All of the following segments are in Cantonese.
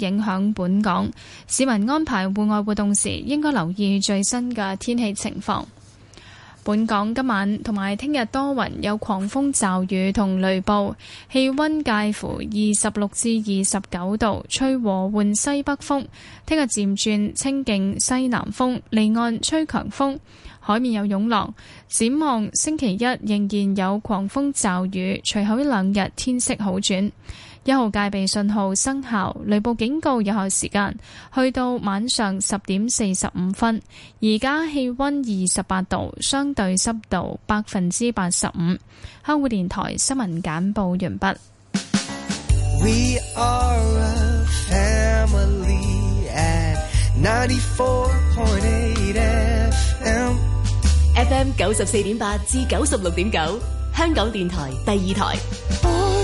影響本港，市民安排戶外活動時，應該留意最新嘅天氣情況。本港今晚同埋聽日多雲，有狂風驟雨同雷暴，氣溫介乎二十六至二十九度，吹和緩西北風。聽日漸轉清勁西南風，離岸吹強風，海面有湧浪。展望星期一仍然有狂風驟雨，隨後一兩日天色好轉。一號戒備信號生效，雷暴警告有效時間去到晚上十點四十五分。而家氣溫二十八度，相對濕度百分之八十五。香港電台新聞簡報完畢。 FM 九十四點八至九十六點九，9，香港電台第二台。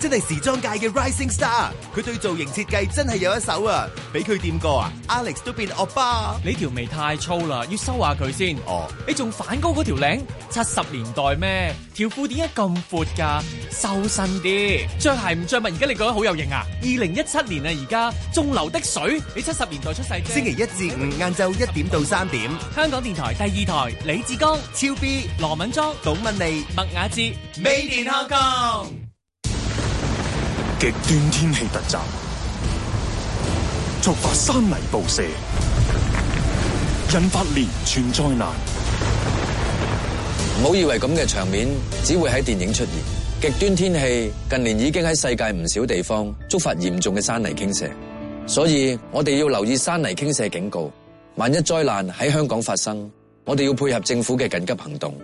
真係時裝界嘅 rising star，佢對造型設計真係有一手啊！俾佢掂過啊，Alex 都變惡霸。你條眉太粗啦，要修下佢先。哦，你仲反高嗰條領？七十年代咩？條褲點解咁闊噶？修身啲，着鞋唔着襪，而家你覺得好有型啊！二零一七年啊，而家仲流的水，你七十年代出世。星期一至五晏晝一點到三點，香港電台第二台，李志剛、超 B、羅敏莊、董敏妮、麥雅治，made in Hong Kong。極端天氣突襲，觸發山泥暴射，引發連串災難。唔好以為咁嘅場面只會喺電影出現，極端天氣近年已經喺世界唔少地方觸發嚴重嘅山泥傾瀉，所以我哋要留意山泥傾瀉警告。萬一災難喺香港發生，我哋要配合政府嘅緊急行動。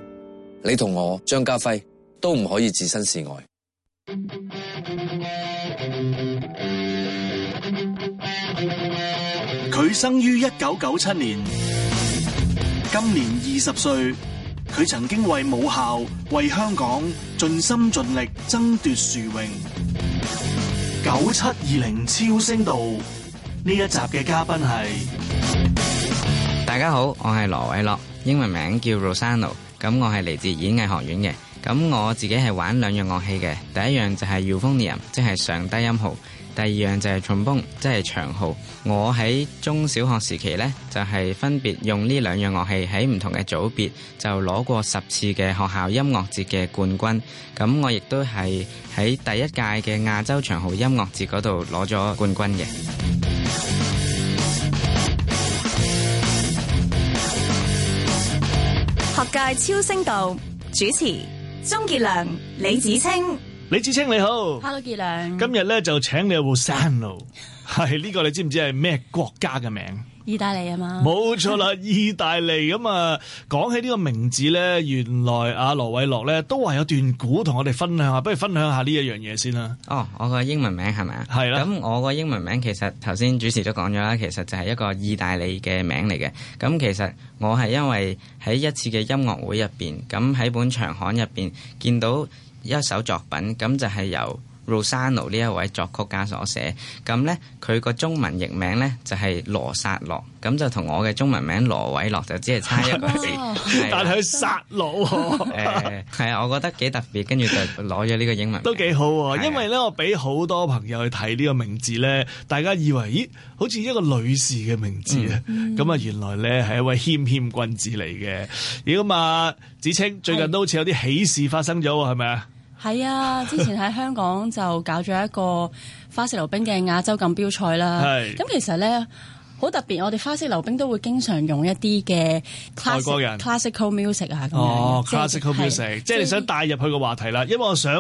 你同我張家輝都唔可以置身事外。佢生於一九九七年，今年二十歲。佢曾經為母校、為香港盡心盡力爭奪殊榮。九七二零超聲道：「呢一集嘅嘉賓係，大家好，我係羅瑋諾，英文名叫 Rosano，咁我係嚟自演藝學院嘅。咁我自己係玩兩樣樂器嘅，第一樣就係 Euphonium，即係上低音號；第二樣就係 Trombone，即係長號。我喺中小學時期呢，就係、是、分別用呢兩樣樂器喺唔同嘅組別就攞過十次嘅學校音樂節嘅冠軍。咁我亦都係喺第一屆嘅亞洲長號音樂節嗰度攞咗冠軍嘅。學界超聲道主持。鍾傑良、李芷菁，李芷菁你好，Hello 傑良，今日咧就請你有部山咯，係呢、 這個你知唔知係咩國家嘅名？意大利啊嘛，冇錯啦，意大利咁啊，講 起呢個名字呢，原來阿羅瑋諾呢都話，有段古同我哋分享下，不如分享下呢一樣嘢先啦。哦，我個英文名係咪啊？係咯。咁的我個英文名其實頭先主持都講咗啦，其實就係一個意大利嘅名嚟嘅。咁其實我係因為喺一次嘅音樂會入邊，咁喺本場刊入邊見到一首作品，咁就係由。Rosano 呢一位作曲家所寫，咁咧佢個中文譯名咧就係羅薩洛，咁就同我嘅中文名羅瑋諾就只係差一個字， 吧但係佢殺佬，誒係啊，我覺得幾特別，跟住就攞咗呢個英文，都幾好，啊，是啊，因為咧我俾好多朋友去睇呢個名字咧，大家以為咦好似一個女士嘅名字啊，咁啊，嗯嗯、原來咧係一位謙謙君子嚟嘅，咁啊芷菁最近都好似有啲喜事發生咗，係咪啊？係 啊，之前喺香港就搞咗一個花式溜冰嘅亞洲錦標賽啦。咁 其實咧。好特別，我哋花式溜冰都會經常用一啲嘅外國人 classical music 啊，咁樣即係。即係你想帶入去個話題啦，因為我想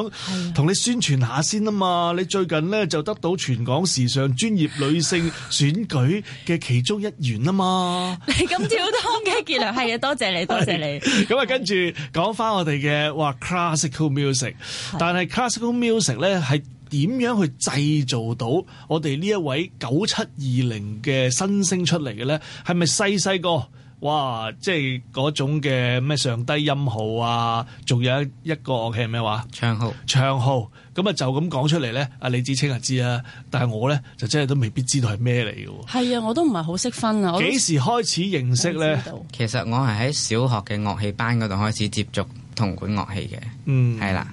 同、啊、你宣傳下先啊嘛。你最近咧就得到全港時尚專業女性選舉嘅其中一員啊嘛。 你咁跳動嘅傑良，係啊， 多謝的多謝你，多謝你。咁啊，跟住講翻我哋嘅哇 classical music，但係 classical music 咧係。點樣去製造到我哋呢一位九七二零嘅新星出嚟嘅咧？係咪細細個哇，即係嗰種嘅咩上低音號啊？仲有一一個樂器係咩話？長號，長號。咁啊就咁講出嚟咧，阿李芷菁啊知啊。但係我咧就真係都未必知道係咩嚟嘅。係啊，我都唔係好識分啊。幾時開始認識咧？其實我係喺小學嘅樂器班嗰度開始接觸銅管樂器嘅，嗯，係啦。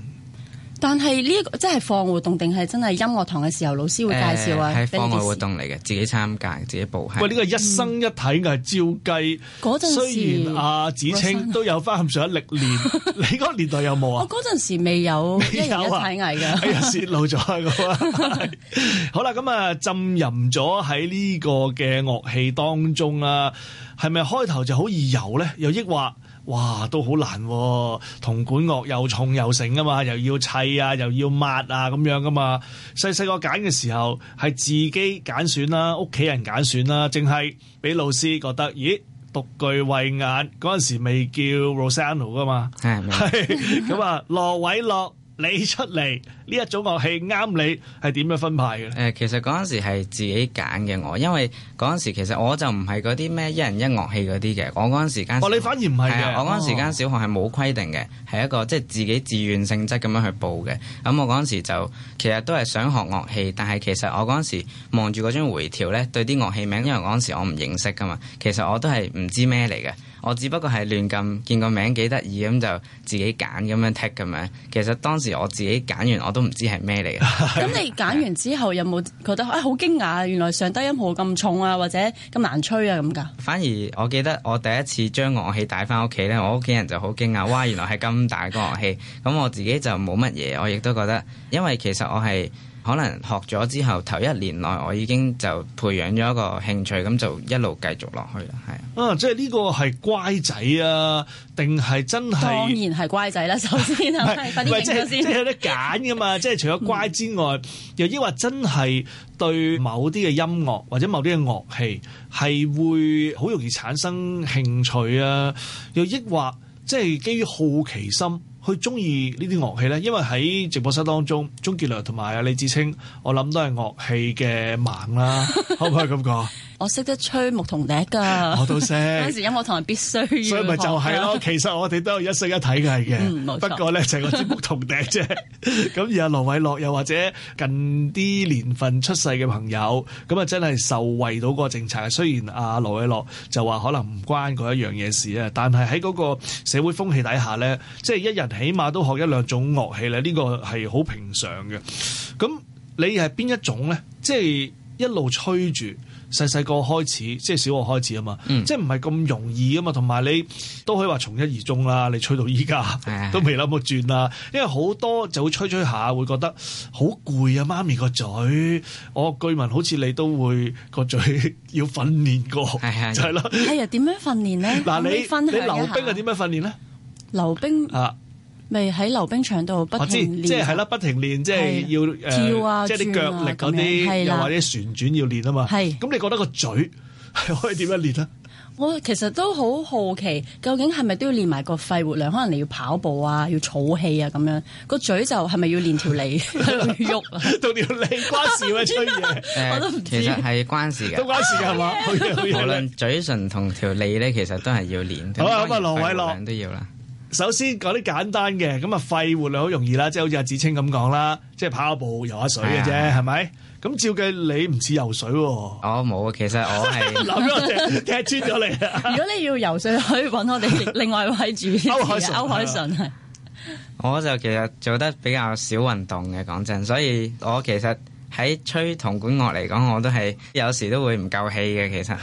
但係呢、呢個即係課外活動定係真係音樂堂嘅時候老師會介紹啊？係、欸、課外活動嚟嘅，自己參加，自己報。不喂，呢個一生一體藝、嗯、照計，嗰陣雖然阿、啊、子清都有翻咁上下歷年， 你嗰年代有冇啊？我嗰陣時未有，未有，有啊！一體藝嘅，泄露咗啊嘛！ 好啦，咁啊浸淫咗喺呢個嘅樂器當中啊，係咪開頭就好易呢有咧？又抑或？哇，都好難喎、啊！銅管樂又重又成啊嘛，又要砌啊，又要抹啊咁樣噶嘛。細細個揀嘅時候係自己揀選啦、啊，屋企人揀選啦、啊，淨係俾老師覺得，咦，獨具慧眼嗰陣時未叫 Rossano 啊嘛，係，咁啊， 羅瑋諾。你出嚟呢一種樂器啱你係點樣分派嘅咧？誒，其實嗰陣時係自己揀嘅我，因為嗰陣時其實我就唔係嗰啲咩一人一樂器嗰啲嘅，我嗰陣時間哦，你反而唔係嘅，係嘅哦、我嗰陣時間小學係冇規定嘅，係一個即係、就是、自己自願性質咁樣去報嘅。咁我嗰陣時就其實都係想學樂器，但係其實我嗰陣時望住嗰張回條咧，對啲樂器名，因為嗰陣時我唔認識噶嘛，其實我都係唔知咩嚟嘅。我只不過係亂咁見個名幾得意咁就自己揀咁樣剔咁樣，其實當時我自己揀完我都唔知係咩嚟嘅。咁 你揀完之後有冇覺得啊好，哎、驚訝？原來上低音號咁重啊，或者咁難吹啊咁噶？反而我記得我第一次將樂器帶翻屋企咧，我屋企人就好驚訝， 哇！原來係咁大個樂器，咁 我自己就冇乜嘢，我亦都覺得，因為其實我係。可能學咗之後，頭一年內我已經就培養咗一個興趣，咁就一路繼續落去啦，係啊。啊，即係呢個係乖仔啊，定係真係？當然係乖仔啦，啊，首先啊，唔 係有得揀㗎嘛， 即係除咗乖之外， 又抑或真係對某啲嘅音樂或者某啲嘅樂器係會好容易產生興趣啊？又抑或即係基於好奇心？佢中意呢啲樂器咧，因為喺直播室當中，鍾傑良同埋李芷菁，我諗都係樂器嘅盲啦，可唔 可以咁講？我識得吹牧童笛噶，我都識嗰陣時音樂堂係必須要，所以咪就係咯。其實我哋都有一升一睇嘅，係嘅。嗯，冇錯。不過咧，就係個支牧童笛啫。咁而阿瑋諾又或者近啲年份出世嘅朋友，咁啊真係受惠到個政策。雖然阿瑋諾就話可能唔關嗰一樣嘢事啊，但係喺嗰個社會風氣底下咧，即係一人起碼都學一兩種樂器咧。呢個係好平常嘅。咁你係邊一種咧？即係一路吹住。細細個開始，即係小學開始啊嘛，嗯、即係唔係咁容易啊嘛，同埋你都可以話從一而終啦，你吹到依家都未諗過轉啦，的因為好多就會吹吹下會覺得好攰啊，媽咪個嘴，我據聞好似你都會個嘴要訓練過，係係係咯。哎呀，點樣訓練咧？嗱、啊，你可唔可以分享下你溜冰係點樣訓練咧？溜冰兵啊！咪喺溜冰場度不停練，即係，係啦，不停練，即係要跳啊，即係啲腳力嗰啲，又或者旋轉要練啊嘛。係，咁你覺得個嘴係可以點樣練咧？我其實都好好奇，究竟係咪都要練埋個肺活量？可能你要跑步啊，要儲氣啊，咁樣個嘴就係咪要練條脷去喐？到條脷關事咩？吹嘢？我都唔知，其實係關事嘅，都關事嘅係嘛？無論嘴唇同條脷咧，其實都係要練。好咁啊，嗱，羅瑋諾。首先講啲簡單嘅，咁啊，肺活量好容易啦，即係好似阿芷菁咁講啦，即係跑下步游、的游下水嘅啫，係咪？咁照計你唔似游水喎。我冇啊，其實我係咗 穿咗你。 如果你要游水，可以揾我哋另外一位主持歐海順。歐海順我就其實做得比較少運動嘅，講真，所以我其實喺吹銅管樂嚟講，我都係有時都會唔夠氣嘅，其實。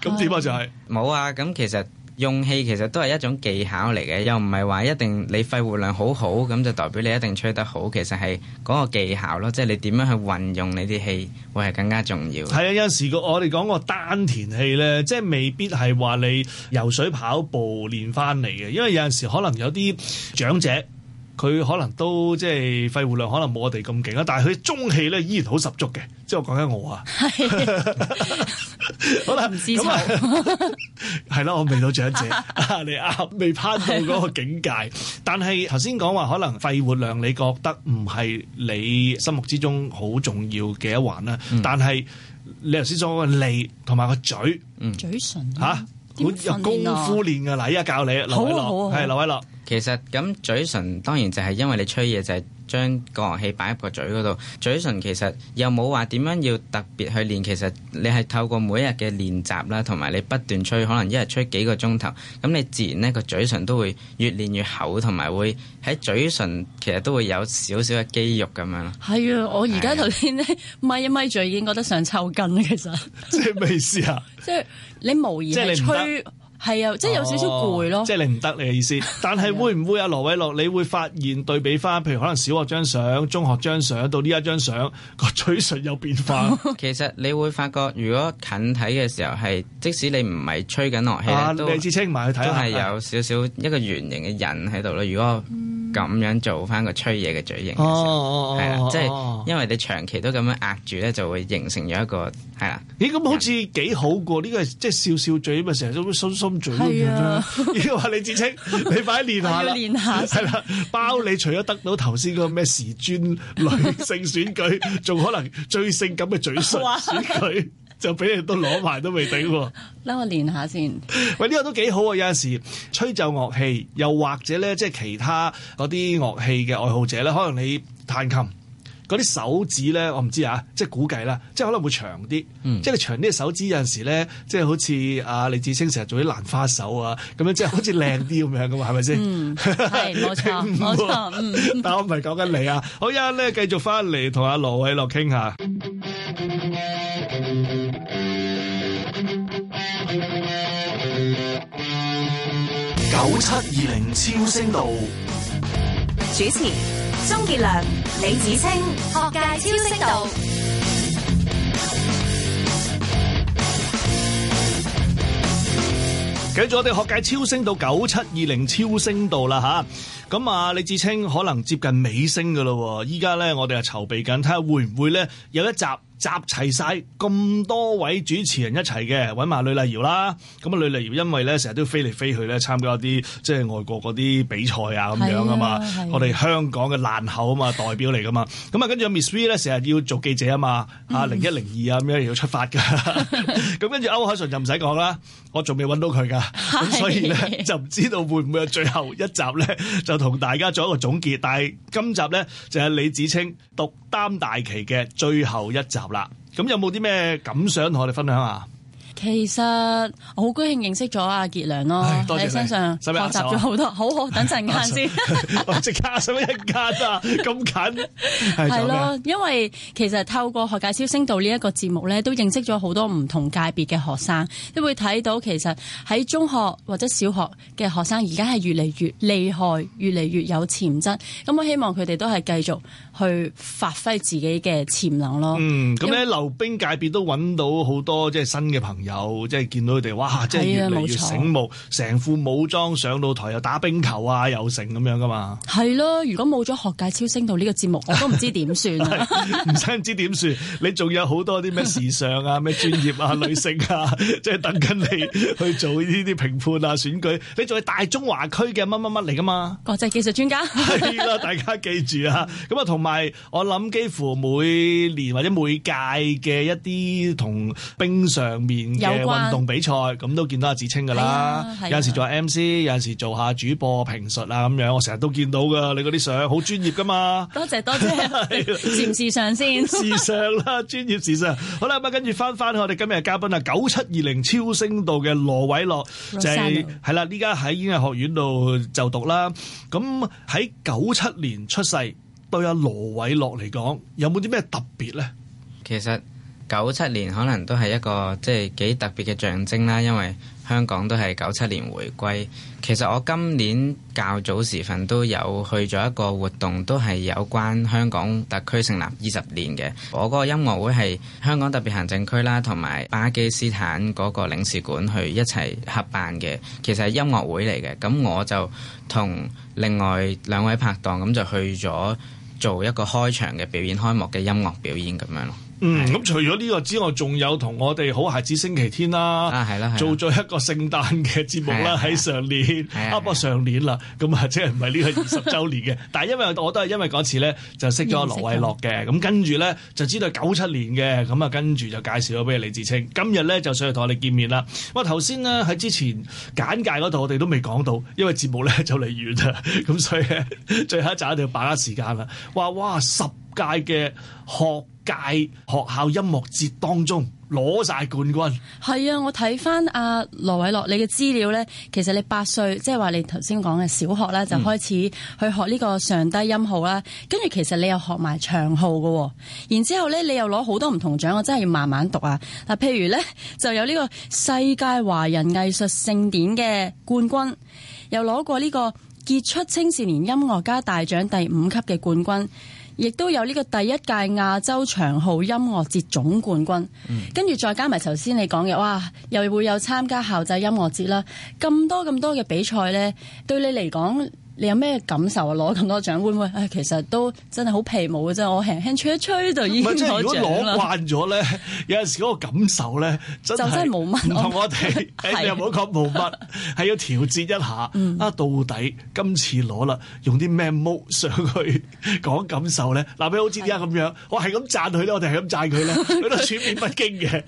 咁點啊？樣樣就係冇啊！咁 其實。用氣其實都係一種技巧嚟嘅，又唔係話一定你肺活量好好咁就代表你一定吹得好，其實係嗰個技巧咯，即係你點樣去運用你啲氣，會係更加重要。係啊，有陣時我哋講個丹田氣咧，即係未必係話你游水跑步練翻嚟嘅，因為有陣時可能有啲長者。佢可能都即係肺活量可能冇我哋咁勁啦，但係佢中氣咧依然好十足嘅。即係我講緊我啊，可能唔知錯。係咯，我未到長者，你啊未攀到嗰個境界。但係頭先講話可能肺活量，你覺得唔係你心目之中好重要嘅一環啦。但係你頭先所講嘅脷同埋個嘴，嘴唇嚇，有功夫練㗎嗱，依家教你羅瑋諾，係羅瑋諾。其實咁嘴唇當然就係因為你吹嘢就係將個氣擺入個嘴嗰度，嘴唇其實又冇話點樣要特別去練，其實你係透過每一日嘅練習啦，同埋你不斷吹，可能一日吹幾個鐘頭，咁你自然呢個嘴唇都會越練越厚，同埋會喺嘴唇其實都會有少少嘅肌肉咁樣咯。係啊的，嗯、我而家頭先咧咪一咪嘴已經覺得想抽筋啦，其實即係咩意思啊？即係你無疑係吹。係啊，即係有少少攰咯、哦。即係你唔得你嘅意思， 但係會唔會啊 羅瑋諾，你會發現對比翻，譬如可能小學張相、中學張相到呢一張相個嘴唇有變化。 其實你會發覺，如果近睇嘅時候係，即使你唔係吹緊樂器，啊、都你都真係有少少一個圓形嘅人喺度啦。如果咁樣做翻個吹嘢嘅嘴型，哦，哦，哦的，哦，係啦，即係因為你長期都咁樣壓住咧，就會形成咗一個係啦。咦，咁、欸、好似幾好過呢個，即係人、就是、笑笑嘴咪成日都乜鬆鬆嘴咁樣啦？要話、啊、你芷菁，你快練，下，練下，要練下，係啦，包你除咗得到頭先嗰個咩時尊女性選舉，仲 可能最性感嘅嘴唇選舉。就俾你都攞埋都未頂、啊，等我練下先。喂，呢、呢個都幾好啊！有陣時吹奏樂器，又或者咧，即係其他嗰啲樂器嘅愛好者咧，可能你彈琴嗰啲手指咧，我唔知啊，即係估計啦，即係可能會長啲。嗯，即係長啲嘅手指，有陣時咧，即係好似啊李芷菁成日做啲蘭花手啊，咁樣即係好似靚啲咁樣噶嘛，係咪先？嗯，係冇錯冇錯，但我唔係講緊你啊，好啊，你繼續返嚟同阿羅瑋諾傾下。 九七二零超聲道主持鍾傑良、李芷菁學界超聲道，繼續我哋學界超聲道九七二零超聲道啦吓，咁啊李芷菁可能接近尾聲噶咯，依家咧我哋係籌備緊，睇下會唔會咧有一集。集齊曬咁多位主持人一齊嘅，揾埋呂麗瑤啦。咁啊，呂麗瑤因為咧成日都飛嚟飛去咧，參加啲即係外國嗰啲比賽啊咁樣啊嘛。我哋香港嘅爛口啊嘛，代表嚟噶嘛。咁啊，跟住 Miss Three 咧，成日要做記者啊嘛。啊零一零二啊咁樣要出發噶。咁跟住歐海純就唔使講啦，我仲未揾到佢噶，所以咧就唔知道會唔會係最後一集咧就同大家做一個總結。但係今集咧就係李芷菁獨擔大旗嘅最後一集。啦，咁有冇啲咩感想同我哋分享下？其實我好高興認識咗阿杰良咯，喔，你唉身上你要要，啊，學習咗好多。好好，等陣間先，即家上一家啊？咁近係咯，因為其實透過學界小聲道，這個，呢一個節目咧，都認識咗好多唔同界別嘅學生，都會睇到其實喺中學或者小學嘅學生，而家係越嚟越厲害，越嚟越有潛質。咁我希望佢哋都係繼續去發揮自己嘅潛能咯。嗯，咁咧溜冰界別都揾到好多即係新嘅朋友。 有即係見到佢哋，哇！即係越嚟越醒目，成、啊、副武裝上到台又打冰球啊，又成咁樣噶嘛？係咯、啊，如果冇咗學界超聲道呢個節目， 我都唔知點算，唔使唔知點算，你仲有好多啲咩時尚啊、咩專業啊、女性啊，即、就、係、是、等緊你去做呢啲評判啊、選舉。你仲係大中華區嘅乜乜乜嚟噶嘛？國際技術專家係啦、 啊，大家記住啊！咁啊，同埋我諗，幾乎每年或者每屆嘅一啲同冰上面。有運動比賽咁都見到阿芷菁噶啦，有陣時做 M C，有陣時做下主播評述啊咁樣，我成日都見到噶，你嗰啲相好專業噶嘛？多謝多謝，時唔時尚先？時尚啦，專業時尚。好啦，咁啊，跟住翻翻我哋今日嘅嘉賓啊，九七二零超聲道嘅羅瑋諾就係係啦，依家喺演藝學院度就讀啦。咁喺九七年出世，對阿羅瑋諾嚟講，有冇啲咩特別咧？其實。九七年可能都係一個即係幾特別嘅象徵啦，因為香港都係九七年回歸。其實我今年較早時份都有去咗一個活動，都係有關香港特區成立二十年嘅。我嗰個音樂會係香港特別行政區啦，同埋巴基斯坦嗰個領事館去一齊合辦嘅。其實係音樂會嚟嘅，咁我就同另外兩位拍檔咁就去咗做一個開場嘅表演，開幕嘅音樂表演咁樣咯。嗯，咁除咗呢個之外，仲有同我哋好孩子星期天啦，啊、做咗一個聖誕嘅節目啦，喺上年，啊，不過上年啦，咁啊，即係唔係呢個二十週年嘅？但係因為我都係因為嗰次咧，就識咗羅瑋諾嘅，咁的跟住咧就知道九七年嘅，咁啊跟住就介紹咗俾李芷菁，今日咧就上嚟同我哋見面啦。哇，頭先咧喺之前簡介嗰度，我哋都未講到，因為節目咧就嚟完啦，咁所以最後一集一定要把握時間啦。哇哇，十屆嘅學。屆學校音樂節當中攞晒冠軍，係啊！我睇翻阿羅瑋諾你嘅資料呢。其實你八歲，即係話你頭先講嘅小學啦，就開始去學呢個上低音號啦，跟住、嗯、其實你又學埋長號嘅，然之後咧你又攞好多唔同獎，我真係要慢慢讀啊！嗱，譬如呢，就有呢個世界華人藝術盛典嘅冠軍，又攞過呢個傑出青少年音樂家大獎第五級嘅冠軍。亦都有呢個第一屆亞洲長號音樂節總冠軍，嗯、跟住再加埋頭先你講嘅，哇！又會有參加校際音樂節啦，咁多咁多嘅比賽呢，對你嚟講。你有咩感受啊？攞咁多獎會唔會？唉，其實都真係好皮毛嘅啫，我輕輕吹一吹就已經攞獎啦。即係如果攞慣咗咧，有陣時嗰個感受咧就真係冇乜。唔同我哋，你哋唔好講冇乜，係是要調節一下。啊、嗯，到底今次攞啦，用啲咩毛上去講感受咧？嗱，譬如好似點解咁樣，是我係咁讚佢咧，我哋係咁讚佢咧，佢 都處變不驚嘅。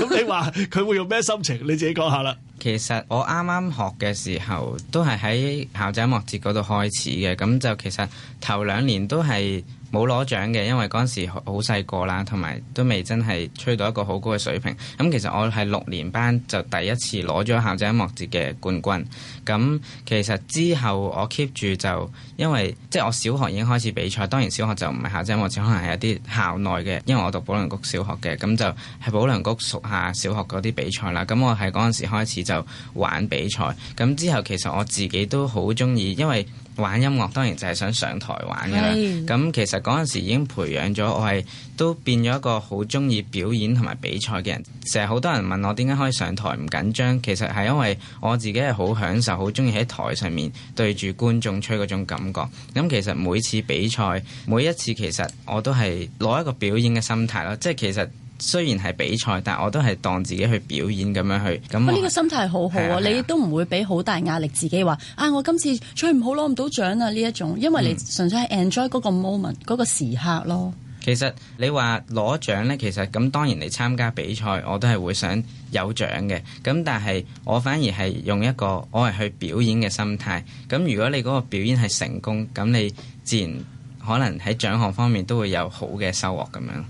咁 你話佢會用咩心情？你自己講下啦。其實我啱啱學嘅時候，都係喺校際音樂節嗰度開始嘅，咁就其實頭兩年都係。冇攞獎嘅，因為嗰陣時好細個啦，同埋都未真係吹到一個好高嘅水平。咁、嗯、其實我係六年班就第一次攞咗校際音樂節嘅冠軍。咁、嗯、其實之後我 keep 住就，因為即係我小學已經開始比賽，當然小學就唔係校際音樂節，可能係一啲校內嘅，因為我讀保良局小學嘅，咁就係保良局屬下小學嗰啲比賽啦。咁、嗯、我係嗰陣時開始就玩比賽，咁、嗯、之後其實我自己都好中意，因為。玩音樂當然就係想上台玩㗎喇，咁的其實嗰陣時已經培養咗我係都變咗一個好鍾意表演同埋比賽嘅人。成日好多人問我點解可以上台唔緊張，其實係因為我自己係好享受、好鍾意喺台上面對住觀眾吹嗰種感覺。咁其實每次比賽，每一次其實我都係攞一個表演嘅心態囉，即係其實。雖然係比賽，但我都係當自己去表演咁樣去。咁呢、啊呢個心態好好啊！啊你都唔會俾好大壓力，自己話啊，我今次最唔好攞唔到獎啊呢一種，因為你純粹係 enjoy 嗰個 moment 嗰、嗯、個時刻咯。其實你話攞獎呢，其實咁當然你參加比賽，我都係會想有獎嘅。咁但係我反而係用一個我係去表演嘅心態。咁如果你嗰個表演係成功，咁你自然可能喺獎項方面都會有好嘅收穫咁樣。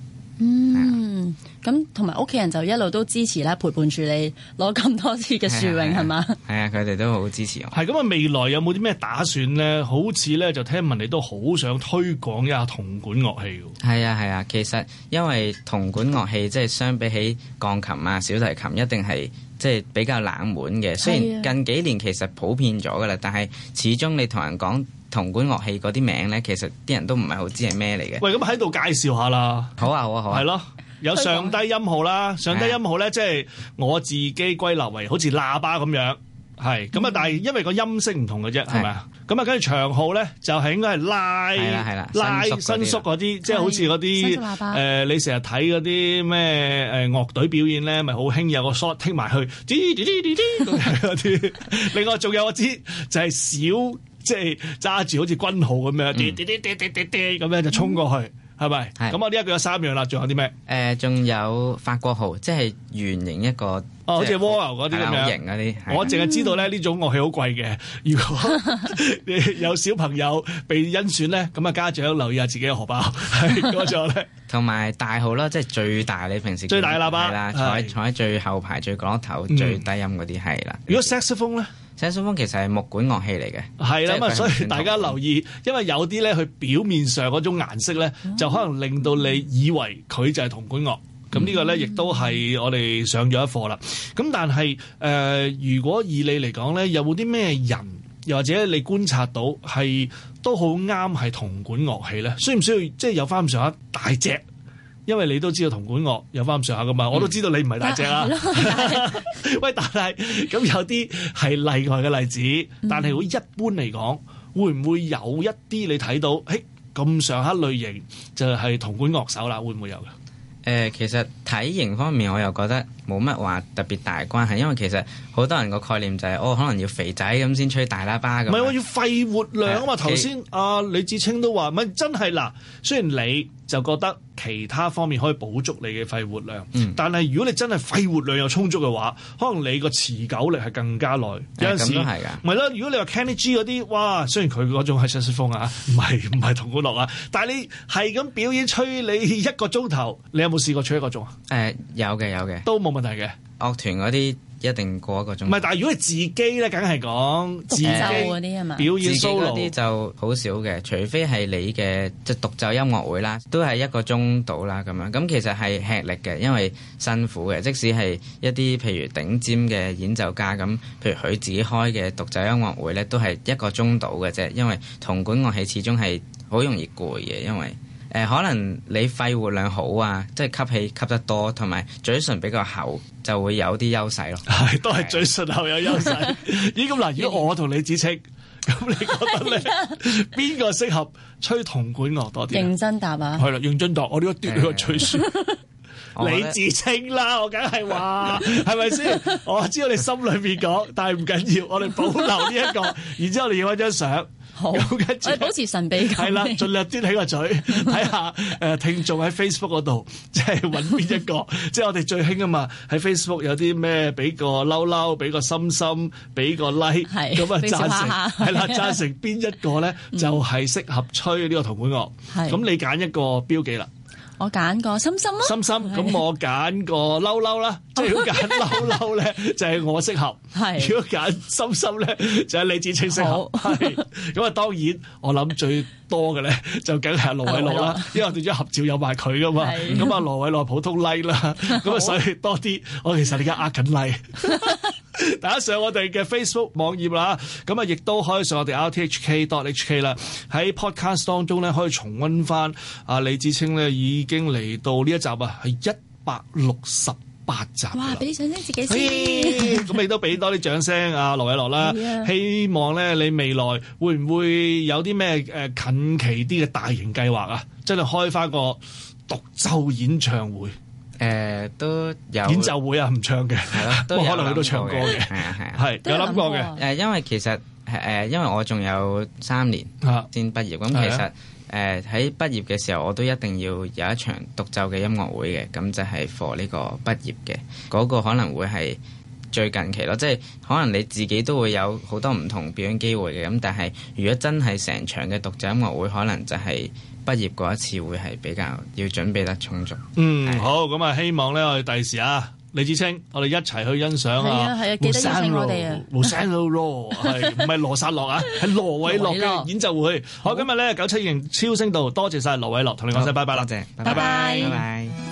嗯，咁同埋屋企人就一路都支持啦，陪伴住你攞咁多次嘅殊榮，係嘛？係啊，佢哋、啊嗎啊、都好支持我。係咁啊，啊，未來有冇啲咩打算咧？好似咧就聽聞你都好想推廣一下銅管樂器。係啊係啊，其實因為銅管樂器即係相比起鋼琴啊、小提琴，一定係即係比較冷門嘅。啊、雖然近幾年其實普遍咗噶啦，但係始終你同人講。銅管樂器嗰啲名咧，其實啲人都唔係好知係咩嚟嘅。喂，咁喺度介紹下啦、啊。好啊，好啊，好係咯，有上低音號啦，的上低音號咧，即係我自己歸納為好似喇叭咁樣，係咁啊，嗯、但係因為個音色唔同嘅啫，係咪啊？咁啊的，跟住長號咧，就係應該係拉，係啦，係啦，拉伸縮啲，即係好似嗰啲誒，你成日睇嗰啲咩誒樂隊表演咧，咪好興有個 shot 剔埋去，啲，啲。啲，啲，啲。另外仲有我知就係小。即係揸住好似軍號咁樣，喋喋喋喋喋喋咁樣就衝過去，係咪？係。咁啊，呢一個有三樣啦，仲有啲咩？誒，仲有法國號，即係圓形一個，哦，好似蝸牛嗰啲咁樣。圓形嗰啲，我淨係知道咧，呢種樂器好貴嘅。如果你有小朋友被甄選咧，咁啊，家長留意下自己嘅荷包，係嗰種咧。同埋大號啦，即係最大你平時最大嘅喇叭啦，坐喺坐喺最後排最角落頭最低音嗰啲係啦。如果 saxophone 咧？色士風其實係木管樂器嚟嘅，係啦嘛，是是，所以大家留意，因為有啲咧，佢表面上嗰種顏色咧，哦、就可能令到你以為佢就係銅管樂，咁、嗯、呢個咧、嗯、亦都係我哋上咗一課啦。咁但係誒、呃，如果以你嚟講咧，有冇啲咩人，又或者你觀察到係都好啱係銅管樂器咧？需唔需要即係、就是、有翻咁上下大隻？因為你都知道銅管樂有翻咁上下噶嘛，嗯、我都知道你唔係大隻啊。喂、嗯， 但係咁有啲係例外嘅例子，但係如果一般嚟講，嗯、會唔會有一啲你睇到，誒咁上下類型就係銅管樂手啦？會唔會有嘅？誒，其實體型方面，我又覺得冇乜話特別大關係，因為其實好多人個概念就係、是、哦，可能要肥仔咁先吹大喇叭咁。唔係，我要肺活量啊嘛。頭先阿李芷菁都話，唔係真係嗱，雖然你。就覺得其他方面可以補足你嘅肺活量，嗯、但係如果你真係肺活量又充足嘅話，可能你個持久力係更加耐。嗯、有陣時，咪咯、嗯。如果你話 Kenny G 嗰啲，哇，雖然佢嗰種係爵士風啊，唔係唔係同古樂啊。但係你係咁表演吹你一個鐘頭，你有冇試過吹一個鐘啊？誒、嗯，有嘅有嘅，都冇問題嘅樂團嗰啲。一定過一個鐘。唔係，但係如果係自己咧，梗係講獨奏嗰啲係嘛？表演 solo 就好少嘅， 除非係你嘅即係獨奏音樂會啦，都係一個鐘到啦。咁樣咁其實係吃力嘅，因為辛苦嘅。即使係一啲譬如頂尖嘅演奏家咁，譬如佢自己開嘅獨奏音樂會咧，都係一個鐘到嘅啫。因為銅管樂器始終係好容易攰嘅，因為。誒、呃，可能你肺活量好啊，即係吸氣吸得多，同埋嘴唇比較厚，就會有啲優勢咯。係、哎，都係嘴唇厚有優勢。咦、 哎，咁嗱，如果我同李芷菁，咁 你覺得咧，邊個適合吹銅管樂多啲？認真答啊！係啦，認真答，我呢個短個嘴唇， 李芷菁啦，我梗係話，係咪先？我知道你心裏面講，但係唔緊要，我哋保留呢、這、一個，然之後你要一張相。好，後保持神秘感。係啦，盡量端起個嘴，睇下誒，聽眾喺 Facebook 嗰度，即係搵邊一個， 即係我哋最興啊嘛。喺 Facebook 有啲咩？俾個嬲嬲，俾個心心，俾個 like，咁啊贊成，係啦贊成邊一個咧， 就係適合吹呢個銅管樂。咁的你揀一個標記啦。我揀個心心咯，心心。咁我揀個嬲嬲啦，即係如果揀嬲嬲咧就係我適合，如果揀心心咧就係李芷菁適合。咁啊，當然我諗最多嘅咧就梗係羅瑋諾啦，因為我哋張合照有埋佢㗎嘛。咁啊，羅瑋諾普通 like 啦，咁啊所以多啲。我其實而家呃緊 like。打上我哋嘅 Facebook 網頁啦，咁啊，亦都可以上我哋 RTHK dot HK 啦。喺 Podcast 當中咧，可以重温翻。阿李芷菁咧，已經嚟到呢一集啊，係一百六十八集。哇！俾啲掌聲自己先。咁亦都俾多啲掌聲啊。羅瑋諾啦。希望咧，你未來會唔會有啲咩誒近期啲嘅大型計劃啊？真係開返個獨奏演唱會。誒、呃，都有演奏會啊，唔唱嘅，不 過可能喺度唱歌嘅，係啊係啊，係有諗過嘅。誒、呃，因為其實誒、呃，因為我仲有三年先畢業，咁、啊嗯、其實誒喺畢業嘅時候，我都一定要有一場獨奏嘅音樂會嘅，咁就係 for 呢個畢業嘅，嗰、那個可能會係最近期咯，即係可能你自己都會有好多唔同表演機會嘅，咁但係如果真係成場嘅獨奏音樂會，可能就係、是。畢業嗰一次會係比較要準備得充足。嗯，哎、呀好，咁啊，希望咧我哋第時啊，李芷菁，我哋一齊去欣賞啊，係啊，係啊，記得邀請我哋啊。係唔係羅薩諾啊，係羅瑋諾嘅演奏會。好，好，今日咧九七型超聲度，多謝晒羅瑋諾，同你講聲好拜拜啦，謝，謝，拜拜，拜拜。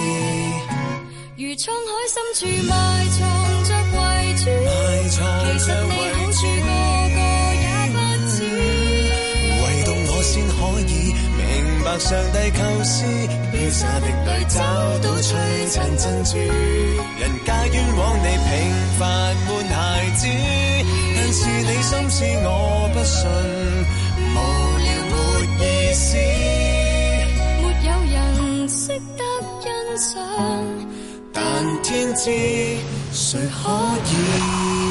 深處埋藏着遺珠，其實你好處個個也不知，嗯、唯獨我先可以明白上帝構思，掉沙的裏找到璀璨珍珠。人家冤枉你平凡沒孩子，但是你心思我不信，無聊沒意思，沒有人識得欣賞。問天知誰可以？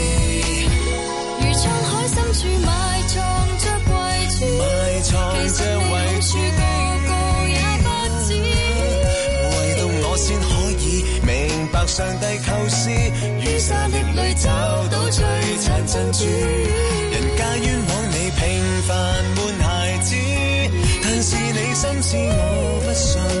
上帝構思，於沙礫裏找到璀璨珍珠。人家冤枉你平凡悶孩子，但是你心知我不信。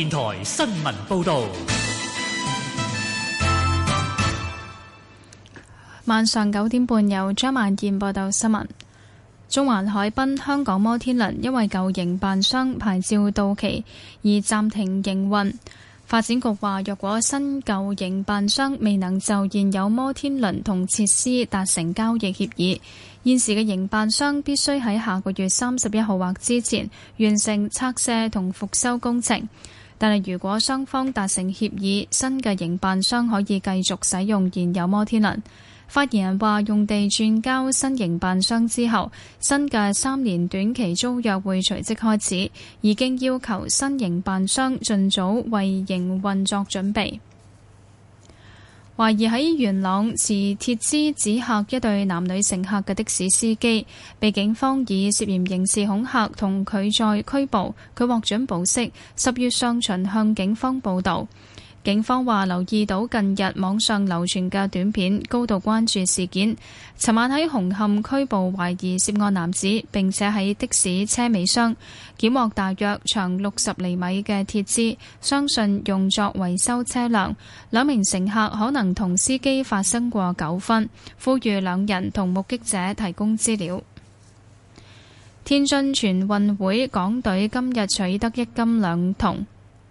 電台新聞報道：晚上九點半有，有張曼燕報道新聞。中環海濱香港摩天輪因為舊營辦商牌照到期而暫停營運。發展局話，若果新舊營辦商未能就現有摩天輪同設施達成交易協議，現時嘅營辦商必須喺下個月三十一號或之前完成拆卸同復修工程。但係，如果雙方達成協議，新嘅營辦商可以繼續使用現有摩天輪。發言人話：用地轉交新營辦商之後，新嘅三年短期租約會隨即開始，已經要求新營辦商盡早為營運作準備。懷疑喺元朗持鐵枝指嚇一對男女乘客嘅的，的士司機，被警方以涉嫌刑事恐嚇同拒載拘捕，佢獲准保釋。十月上旬向警方報道。警方話留意到近日網上流傳嘅短片，高度關注事件。尋晚喺紅磡拘捕懷疑涉案男子，並且喺的士車尾箱檢獲大約長六十厘米嘅鐵枝，相信用作維修車輛。兩名乘客可能同司機發生過糾紛，呼籲兩人同目擊者提供資料。天津全運會港隊今日取得一金兩銅。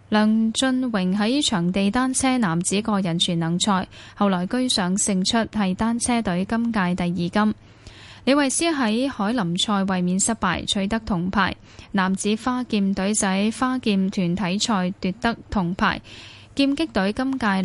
梁俊榮喺場地單車男子個人全能賽後來居上勝出，係單車隊今屆第二金。李慧詩喺海林賽衛冕失敗，取得銅牌。男子花劍隊喺花劍團體賽奪得銅牌，劍擊隊今屆。